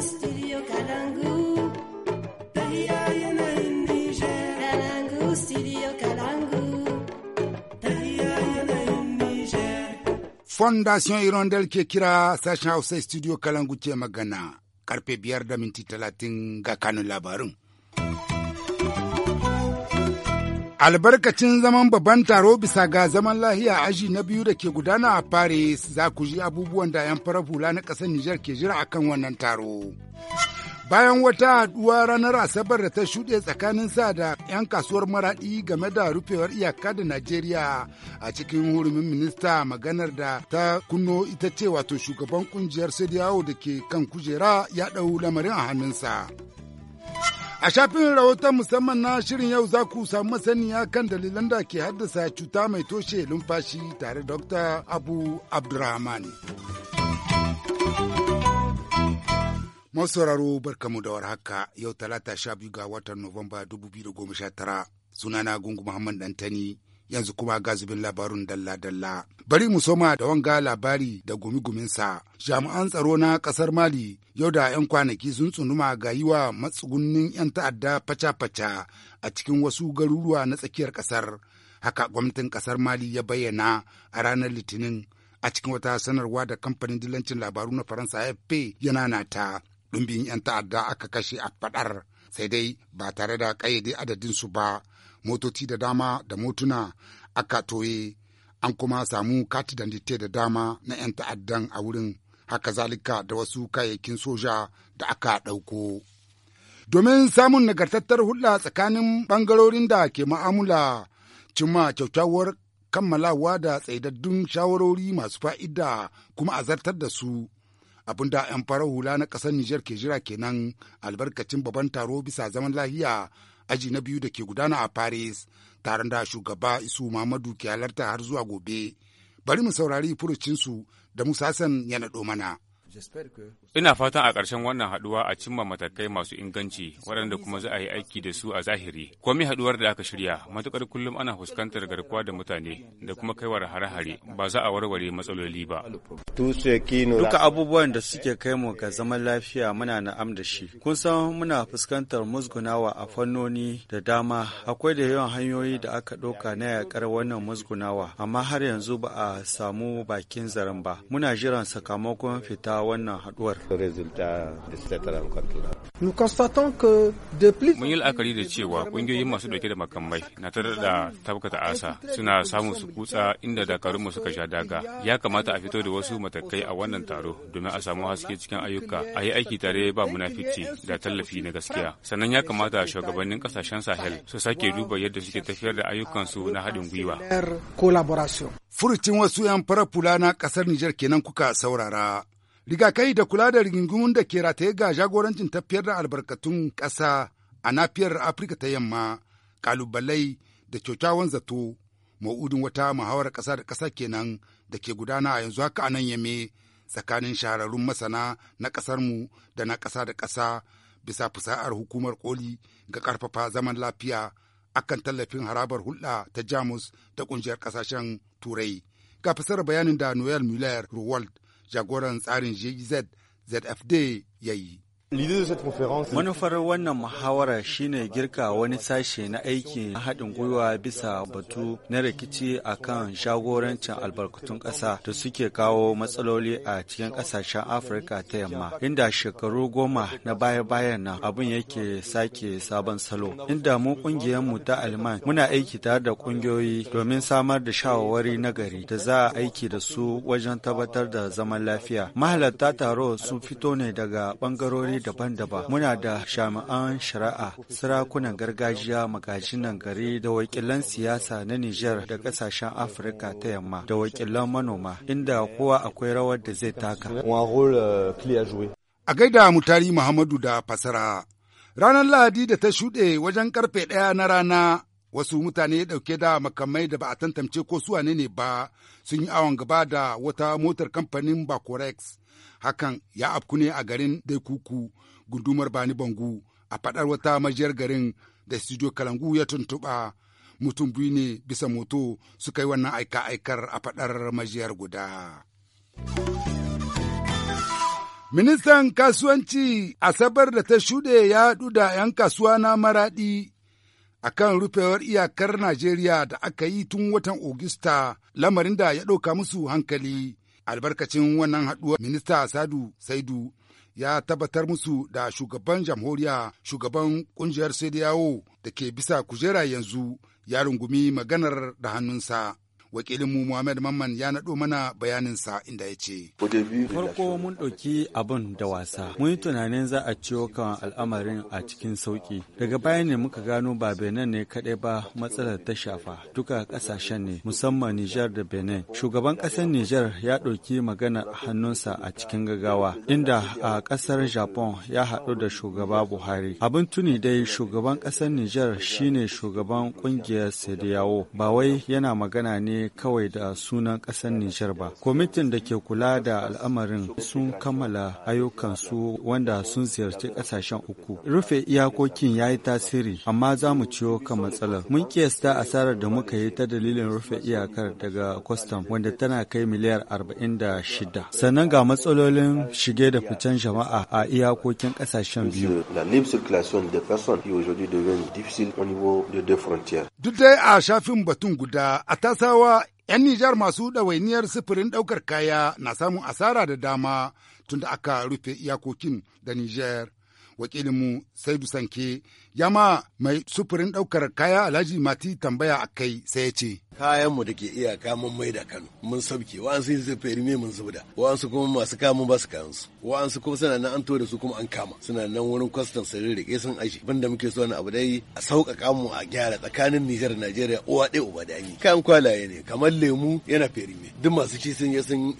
studio Fondation Hirondelle ke kira sashen Hausa studio Kalangu ce magana. Karfe biyar da minti talatin ga kanun labarin. albarkacin zaman babban taro bisa ga zaman lahiya aji na biyu da ke gudana a paris za ku ji abubuwan da 'yan farar hula na ƙasar nijar ke jira akan wannan taro bayan wata haɗuwa ranar asabar da ta shuɗe tsakanin sa da 'yan kasuwar maraɗi game da rufewar iyaka da najeriya a cikin hurumin minista maganar da ta kunno ita ce wato shugaban kungiyar sadiyawo da ke kan kujera ya ɗau lamarin a hannunsa A shafin rahoton musamman na shirin yau za ku samu masaniya kan dalilan da ke haddasa cuta mai toshe lumfashi tare Dr. Abu Abdurrahman. Masauraro barkamu da haka yau talata sha biyu ga watan Nuwamba 2019 sunana Gungu Muhammad Dantani. yanzu kuma ga zubin labarun dalla-dalla. Bari mu soma da wanga labari da gumi-guminsa. Jami'an tsaro na ƙasar Mali yau da 'yan kwanaki sun tsunuma ga yi wa matsugunnin 'yan ta'adda faca-faca a cikin wasu garuruwa na tsakiyar ƙasar. Haka gwamnatin ƙasar Mali ya bayyana a ranar Litinin a cikin wata sanarwa da kamfanin dilancin labaru na Faransa AFP yana nata. Ɗumbin 'yan ta'adda aka kashe a faɗar sai dai ba tare da adadin su ba. motoci da dama da motuna aka toye an kuma samu kati da da dama na 'yan ta'addan a wurin haka zalika da wasu kayayyakin soja da aka ɗauko. Domin samun nagartattar hulɗa tsakanin ɓangarorin da ke ma'amula cimma kyakkyawar kammalawa da tsaidaddun shawarori masu fa'ida kuma a zartar da su abinda 'yan farar hula na ƙasar Nijar ke jira kenan albarkacin babban taro bisa zaman lahiya aji na biyu da ke gudana a Paris, taron da shugaba Isu mamadu ke halarta har zuwa gobe. Bari mu saurari furucinsu da musasan yana ya naɗo mana. Ina fatan a ƙarshen wannan haɗuwa a cimma matakai masu inganci waɗanda kuma za a yi aiki da su a zahiri. Komai haɗuwar da aka shirya matuƙar kullum ana fuskantar garkuwa da mutane da kuma kaiwar hare-hare ba za a warware matsaloli ba. Duka abubuwan da suke kai mu ga zaman lafiya muna na'am da shi. Kun san muna fuskantar musgunawa a fannoni da dama akwai da yawan hanyoyi da aka ɗauka na yaƙar wannan musgunawa amma har yanzu ba a samu bakin zaren ba. Muna jiran sakamakon fita a wannan haduwar. Mun yi la'akari da cewa kungiyoyin masu dauke da makamai na tare da tabkata asa suna samun su kutsa inda dakarunmu suka sha daga. Ya kamata a fito da wasu matakai a wannan taro domin a samu haske cikin ayyuka, a yi aiki tare ba munafici da tallafi na gaskiya. Sannan ya kamata shugabannin kasashen Sahel su sake duba yadda suke tafiyar da ayyukansu na haɗin gwiwa. Furucin wasu 'yan fara fula na ƙasar Nijar kenan kuka saurara. rigakai da kula da rigingimun da ke rataye ga jagorancin tafiyar da albarkatun ƙasa a nafiyar afirka ta yamma ƙalubale da kyaukyawan zato ma'udin wata muhawar ƙasa da ƙasa kenan da ke gudana a yanzu haka a nan yame tsakanin shahararrun masana na ƙasarmu da na ƙasa da ƙasa bisa fusa'ar hukumar koli ga ƙarfafa zaman lafiya akan tallafin harabar hulɗa ta jamus da ƙungiyar ƙasashen turai ga fasarar bayanin da noel muller ruwald jagoran tsarin GZ ZFD ya yi. Manufar wannan muhawara shine girka wani sashe na aiki haɗin gwiwa bisa batu na rikici a kan shagorancin albarkatun ƙasa da suke kawo matsaloli a cikin ƙasashen Afirka ta yamma, inda shekaru goma na baya-bayan nan abin yake sake sabon salo. Inda mu ƙungiyarmu ta Alman muna aiki tare da ƙungiyoyi domin samar da shawarwari na gari da za a aiki da su wajen tabbatar da zaman lafiya. Mahalarta taro sun fito ne daga ɓangarori daban-daban muna da jami'an shari'a sarakunan gargajiya magajinan gari da wakilan siyasa na Nijar da kasashen Afirka ta yamma da wakilan manoma inda kowa akwai rawar da zai taka. Euh, a gaida mutari Muhammadu da fasara. Ranar Lahadi da ta shuɗe wajen karfe ɗaya na rana wasu mutane ɗauke da makamai da ba a tantance ko su ne ba sun yi awon gaba da wata motar kamfanin bakorex hakan ya afku ne a garin daikuku gundumar bani bangu a fadar wata majiyar garin da studio kalangu ya tuntuɓa mutum biyu ne bisa moto suka yi wannan aika-aikar a fadar majiyar guda. Ministan kasuwanci Asabar da ta shuɗe ya haɗu da 'yan kasuwa na maraɗi a kan rufewar iyakar Najeriya da aka yi tun watan Ogista lamarin da ya ɗauka musu hankali albarkacin wannan haɗuwar minista sadu saidu ya tabbatar musu da shugaban jamhuriya shugaban kungiyar sai da da ke bisa kujera yanzu ya rungumi maganar da hannunsa wakilin mu Muhammad Mamman ya nado mana bayanin sa inda ya ce. Farko mun ɗauki abin da wasa, mun yi tunanin za a ciwo kan al'amarin a cikin sauki Daga baya ne muka gano ba Benin ne kaɗai ba matsalar ta shafa, duka ƙasashen ne, musamman Nijar da Benin. Shugaban ƙasar Nijar ya ɗauki magana hannunsa a cikin gaggawa, inda a ƙasar Japan ya haɗu da shugaba Buhari. Abin tuni dai shugaban ƙasar Nijar shine shugaban ƙungiyar Sediyawo, ba wai yana magana ne kawai da sunan ƙasar Nijar ba. Kwamitin da ke kula da al'amarin sun kammala ayyukansu wanda sun ziyarci kasashen uku. Rufe iyakokin ya yi tasiri, amma za mu ciwo kan matsalar. Mun kiyasta asarar da muka yi ta dalilin rufe iyakar daga kwastam wanda tana kai miliyar arba'in da shida. Sannan ga matsalolin shige da ficen jama'a a iyakokin kasashen biyu. Duk dai a shafin batun guda a tasawa 'Yan Nijar masu ɗawainiyar sufurin ɗaukar kaya na samun asara da dama tunda aka rufe iyakokin da Nijar. Wakilinmu sai Sanke ya ma mai sufurin ɗaukar kaya Alhaji Mati tambaya a kai sai ya ce. kayanmu da ke iyaka mun mai da kano mun sauke wa'ansu zai mai mun zubda wa'ansu kuma masu kamun ba su kayansu wa'ansu kuma suna nan an to da su kuma an kama suna nan wurin kwastan su rike sun aji banda muke so na abu dai a sauƙaƙa mu a gyara tsakanin Nijar da Najeriya uwa ɗaya uba da yi kayan kwalaye ne kamar lemu yana ferime duk masu ci sun je sun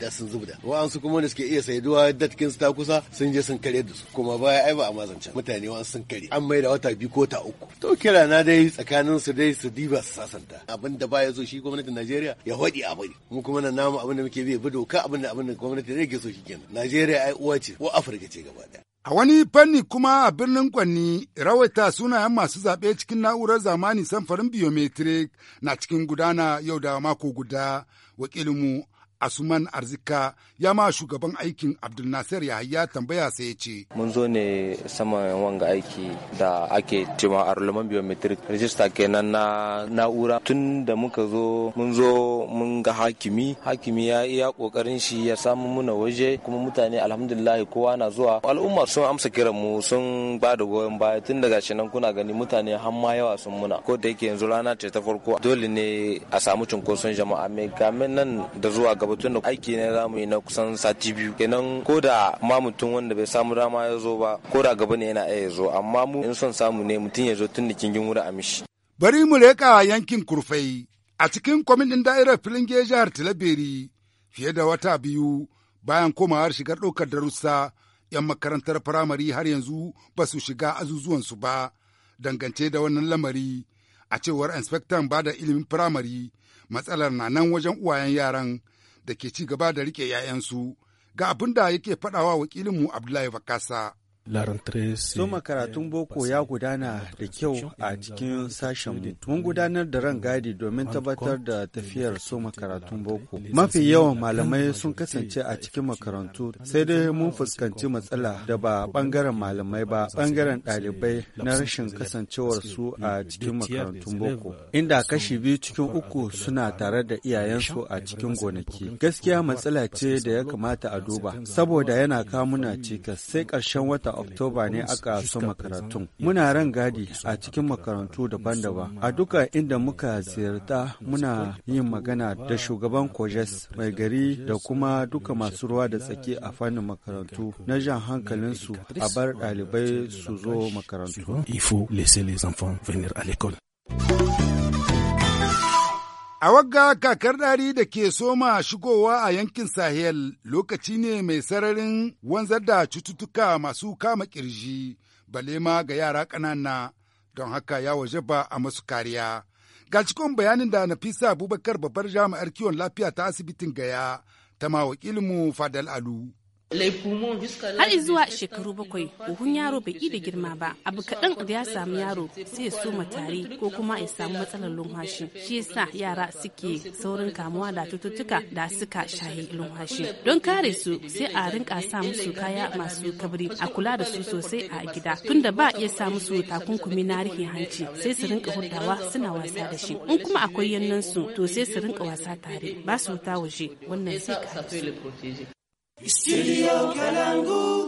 da sun zubda wa'ansu kuma da suke iya saiduwa datkin su ta kusa sun je sun kare da su kuma baya ai ba a mazance mutane wa'ansu sun kare an mai da wata biyu ko ta uku to kira na dai tsakanin su dai su diba su sasanta abin da ya so shi gwamnatin Najeriya ya faɗi a bari mu kuma na namu abin da muke bi bi doka abin da abin da gwamnati ke so shi kenan Najeriya ai uwa ce ko Afirka ce gaba daya A wani fanni kuma a birnin Kwanni rawaita sunayen masu zaɓe cikin na'urar zamani samfarin biometric na cikin gudana yau da mako guda wakilinmu Asuman Arzika ya ma shugaban aikin Abdulnasir Yahaya tambaya sai ya ce. Mun zo ne saman wanga aiki da ake cewa Arloman Biometric Register kenan na na'ura. Tun da muka zo mun zo mun ga hakimi, hakimi ya iya kokarin shi ya samu muna waje kuma mutane alhamdulillah kowa na zuwa. Al'umma sun amsa kiran mu sun ba da goyon baya tun daga shi nan kuna gani mutane har ma yawa sun muna. Ko da yake yanzu rana ce ta farko dole ne a samu cunkoson jama'a mai kamin nan da zuwa gaba ba da aiki ne zamani yi na kusan sati biyu kenan ko da ma mutum wanda bai samu dama ya zo ba ko da gaba ne yana iya zo amma mu in son samu ne mutum ya zo tun da kingin wuri a mishi. Bari mu leƙa yankin kurfai a cikin kwamitin da'irar filinge jihar tilabiri fiye da wata biyu bayan komawar shigar ɗaukar darussa 'yan makarantar firamare har yanzu ba su shiga su ba dangance da wannan lamari a cewar inspektan ba da ilimin firamare matsalar na nan wajen uwayen yaran da ke ci gaba da riƙe 'ya'yansu ga abin da yake faɗawa wakilinmu Abdullahi Bakasa. Soma eh, makaratun eh, boko ya gudana da kyau a eh, cikin sashenmu. Mun gudanar da ran gadi domin tabbatar da tafiyar soma karatun boko. Mafi yawan malamai sun kasance a cikin makarantu sai dai mun fuskanci matsala da ba bangaren malamai ba bangaren ɗalibai na rashin kasancewar su a cikin makarantun boko. Inda kashi biyu cikin uku suna tare da iyayensu a cikin gonaki. Gaskiya matsala ce da ya kamata a duba saboda yana kamuna cikas sai ƙarshen wata Oktoba ne aka soma makarantun Muna ran gadi a cikin makarantu daban-daban. A duka inda muka ziyarta muna yin magana da shugaban Kojes mai gari da kuma duka masu ruwa da tsaki a fannin makarantu na jan hankalinsu a bar ɗalibai su zo makarantu. Il faut laisser les enfants venir à A wagga kakar ɗari da ke soma shigowa a yankin Sahel lokaci ne mai sararin wanzar da cututtuka masu kama kirji, bale ma ga yara ƙanana don haka ya waje ba a masu kariya. Ga cikin bayanin da Nafisa Abubakar babbar jami'ar kiwon lafiya ta asibitin Gaya ta ma wakilinmu Fadal Alu. har zuwa shekaru bakwai huhun yaro bai da girma ba abu kaɗan da ya samu yaro sai ya soma tari ko kuma ya samu matsalar lumhashi shi yasa yara suke saurin kamuwa da cututtuka da suka shahi lumhashi don kare su sai a rinka sa musu kaya masu kabri a kula da su sosai a gida tunda ba iya sa musu takunkumi na rihe hanci sai su rinka hudawa suna wasa da shi in kuma akwai yannan su to sai su rinka wasa tare ba su wuta waje wannan sai ka Estudio Calango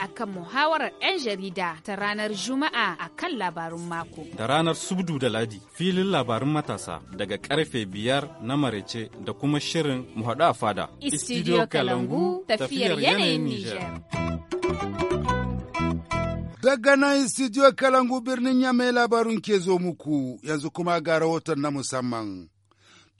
akan muhawarar 'yan jarida ta ranar Juma'a a kan labarun mako. Da ranar Subdu da Ladi filin labarun matasa daga karfe biyar na marece da kuma shirin muhaɗu a fada. Istidiyo Kalangu tafiyar yanayin Nijar. Daga nan Istidiyo Kalangu birnin Yamai labarun ke zo muku yanzu kuma ga rahoton na musamman.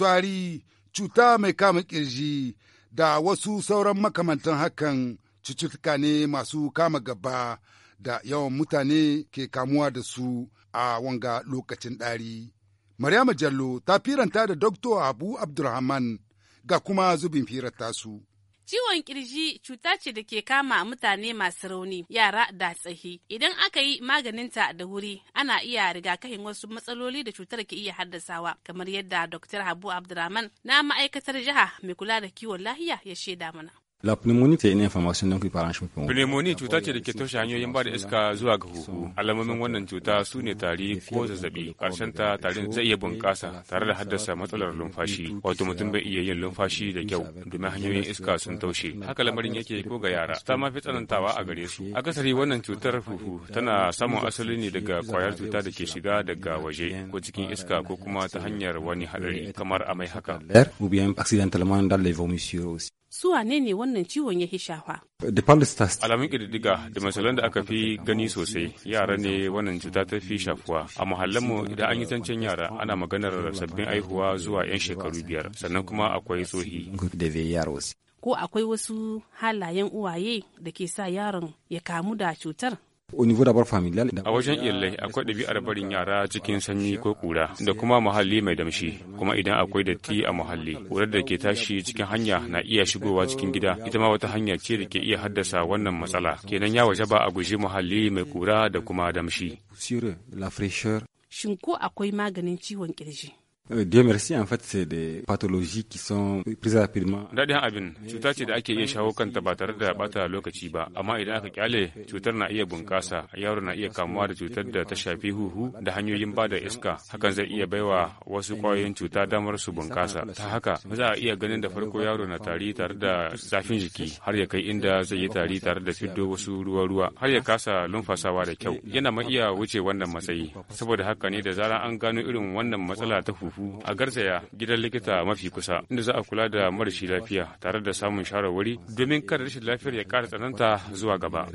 Tari cuta mai kama kirji da wasu sauran makamantan hakan cututtuka ne masu kama gaba da yawan mutane ke kamuwa da su a wanga lokacin ɗari. Maryama Jallo ta firanta da Dr. Abu Abdulrahman ga kuma zubin firarta su. Ciwon kirji cuta ce da ke kama mutane masu rauni, yara da tsahi. Idan aka yi maganinta da wuri, ana iya rigakafin wasu matsaloli da cutar ke iya haddasawa, kamar yadda Dr. Habu Abdurrahman na ma'aikatar jiha mai kula da kiwon lahiya ya shaida mana. La pneumonie c'est une information donc parent champignon. Pneumonie cuta ce da ke toshe hanyoyin ba da iska zuwa ga huhu. Alamomin wannan cuta su ne tari ko zazzabi. Karshen ta tarin zai iya bunƙasa tare da haddasa matsalar lumfashi. Wato mutum bai iya yin lumfashi da kyau domin hanyoyin iska sun taushe. Haka lamarin yake ko ga yara. Ta ma fi tsanantawa a gare su. Akasari wannan cutar huhu tana samun asali ne daga kwayar cuta da ke shiga daga waje ko cikin iska ko kuma ta hanyar wani hadari kamar amai haka. Ou bien accidentellement dans les vomissures aussi. su wane ne wannan ciwon ya shafa. Alamun ƙididdiga da misalan da aka fi gani sosai yara ne wannan cuta ta fi shafuwa. A mu idan an yi zancen yara ana maganar sabbin aihuwa zuwa 'yan shekaru biyar sannan kuma akwai tsohi. Ko akwai wasu halayen uwaye da ke sa yaron ya kamu da cutar? A wajen iyalai akwai ɗabi'ar barin yara cikin sanyi ko kura. da kuma muhalli mai damshi kuma idan akwai datti a muhalli ƙurar da ke tashi cikin hanya na iya shigowa cikin gida ita ma wata hanya ce da ke iya haddasa wannan matsala kenan ya waje ba a guji muhalli mai kura da kuma damshi. Shin ko akwai maganin ciwon kirji? Euh, Dieu merci, en fait, c'est des pathologies qui sont prises rapidement. Daɗin abin, cuta ce da ake iya shawo kanta ba tare da bata lokaci ba, amma idan aka kyale cutar na iya bunƙasa, yaro na iya kamuwa da cutar da ta shafi huhu da hanyoyin ba da iska, hakan zai iya baiwa wasu ƙwayoyin cuta damar su bunƙasa. Ta haka, za a iya ganin da farko yaro na tari tare da zafin jiki, har ya kai inda zai yi tari tare da fiddo wasu ruwa-ruwa, har ya kasa lumfasawa da kyau. Yana ma iya wuce wannan matsayi, saboda haka ne da zarar an gano irin wannan matsala ta huhu a garzaya gidan likita mafi kusa inda za a kula da marashi lafiya tare da samun shawarwari domin kada rashin lafiyar ya kara tsananta zuwa gaba.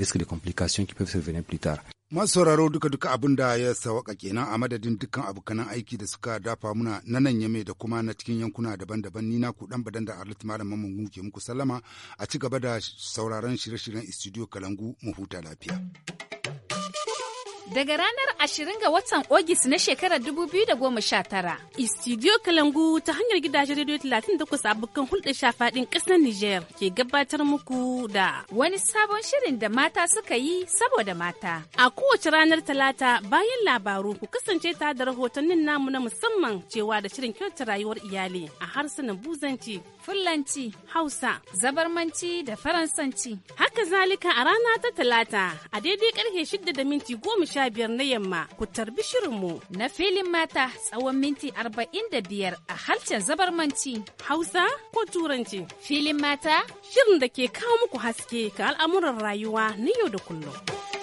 Masu sauraro duka-duka abin da ya sawaka kenan a madadin dukkan abokanan aiki da suka dafa muna na nan yame da kuma na cikin yankuna daban-daban ni na ku dan badan da Arlit Malam Mamman ke muku sallama a ci gaba da sauraron shirye-shiryen studio Kalangu mu huta lafiya. Daga ranar 20 ga watan Ogis na shekarar 2019, Istidiyo Kalangu ta hanyar gidajen rediyo 38 abokan hulɗar shafaɗin ƙasar Nijar ke gabatar muku da wani sabon shirin da mata suka yi saboda mata. A kowace ranar talata bayan labaru ku kasance ta da rahotannin namu na musamman cewa da shirin kyautar rayuwar iyali a harsunan buzanci Fulanci, Hausa, Zabarmanci da Faransanci. Haka zalika a rana ta Talata a daidai karfe shida da minti goma sha biyar na yamma ku tarbi shirinmu na filin mata tsawon minti arba'in da biyar a harshen Zabarmanci, Hausa ko Turanci. Filin mata shirin da ke kawo muku haske ga al'amuran rayuwa na yau da kullum.